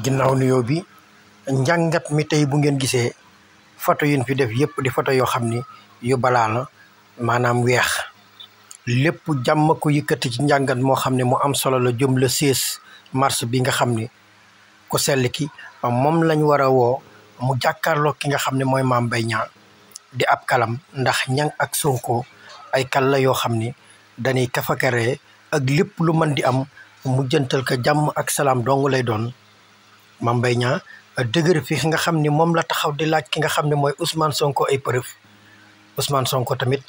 ginnaaw nuyoo bi njàngat mi tey bu ngeen gisee photo yin fi def yëpp di photo yoo xam ni yu balaa la maanaam weex lépp jàmm ko yëkkati ci njàngat moo xam ne mu am solo la jëm le 16 mars bi nga xam ni ku sell ki moom lañ war a woo mu jàkkarloo ki nga xam ne mooy maam Mbaye Niang di ab kalam ndax ñang ak Sonko ay kal yoo xam ni dañuy kafakaree ak lépp lu mën di am mu jëntal ko jàmm ak salaam dong lay doon Mame Mbaye Niang dëgër fi nga xam ni moom la taxaw di laaj ki nga xam ne mooy Ousmane Sonko ay preuve Ousmane Sonko tamit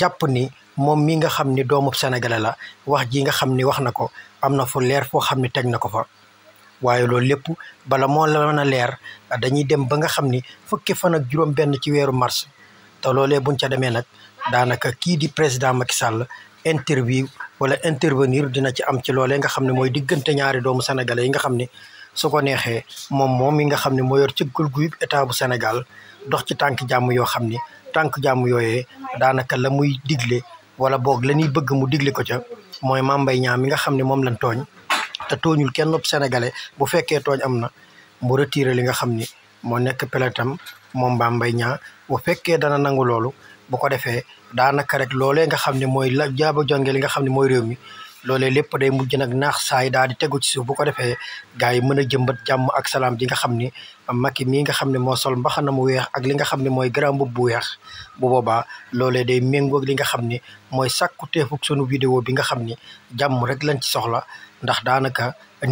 jàpp ni moom mi nga xam ni doomu Sénégalais la wax ji nga xam ni wax na ko am na fu leer foo xam ni teg na ko fa waaye loolu lépp bala moo la mën a leer dañuy dem ba nga xam ni fukki fan ak juróom benn ci weeru mars te loolee buñ ca demee nag daanaka kii di président Macky Sall interview wala intervenir dina ci am ci loolee nga xam ne mooy diggante ñaari doomu sénégalais yi nga xam ni su ko neexee moom moom mi nga xam ne moo yor ci gul guyub état bu Sénégal dox ci tànk jàmm yoo xam ni tànk jàmm yooyee daanaka la muy digle wala boog la ñuy bëgg mu digle ko ca mooy Mame Mbaye mi nga xam ne moom lañ tooñ te tooñul kenn sénégalais bu fekkee tooñ am na mu retiré li nga xam ni moo nekk pelletam moom Mame Mbaye Niang fekkee dana nangu loolu bu ko defee daanaka rek loolee nga xam ne mooy la jaaba jonge li nga xam ne mooy réew mi loole lépp day mujj nag naax saay daal di tegu ci suuf bu ko defee gars yi mën a jëmbat jàmm ak salaam ji nga xam ni Macky mii nga xam ne moo sol mbaxana mu weex ak li nga xam ne mooy grand mbubb bu weex bu boobaa loolee day méngoog li nga xam ni mooy sàkku teefug sunu vidéo bi nga xam ni jàmm rek lañ ci soxla ndax daanaka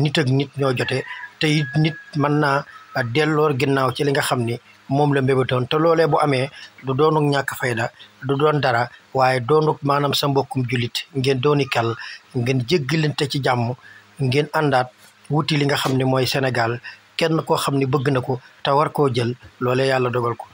nit ak nit ñoo jote te nit mën naa delloor ginnaaw ci li nga xam ni moom la mbébétoon te loole bu amee du doonuk ñàkk fayda du doon dara waaye doonuk maanaam sa mbokkum julit ngeen dooni kal ngeen jéggalante ci jàmm ngeen àndaat wuti li nga xam ni mooy Sénégal kenn koo xam ni bëgg na ko te war koo jël loole yàlla dogal ko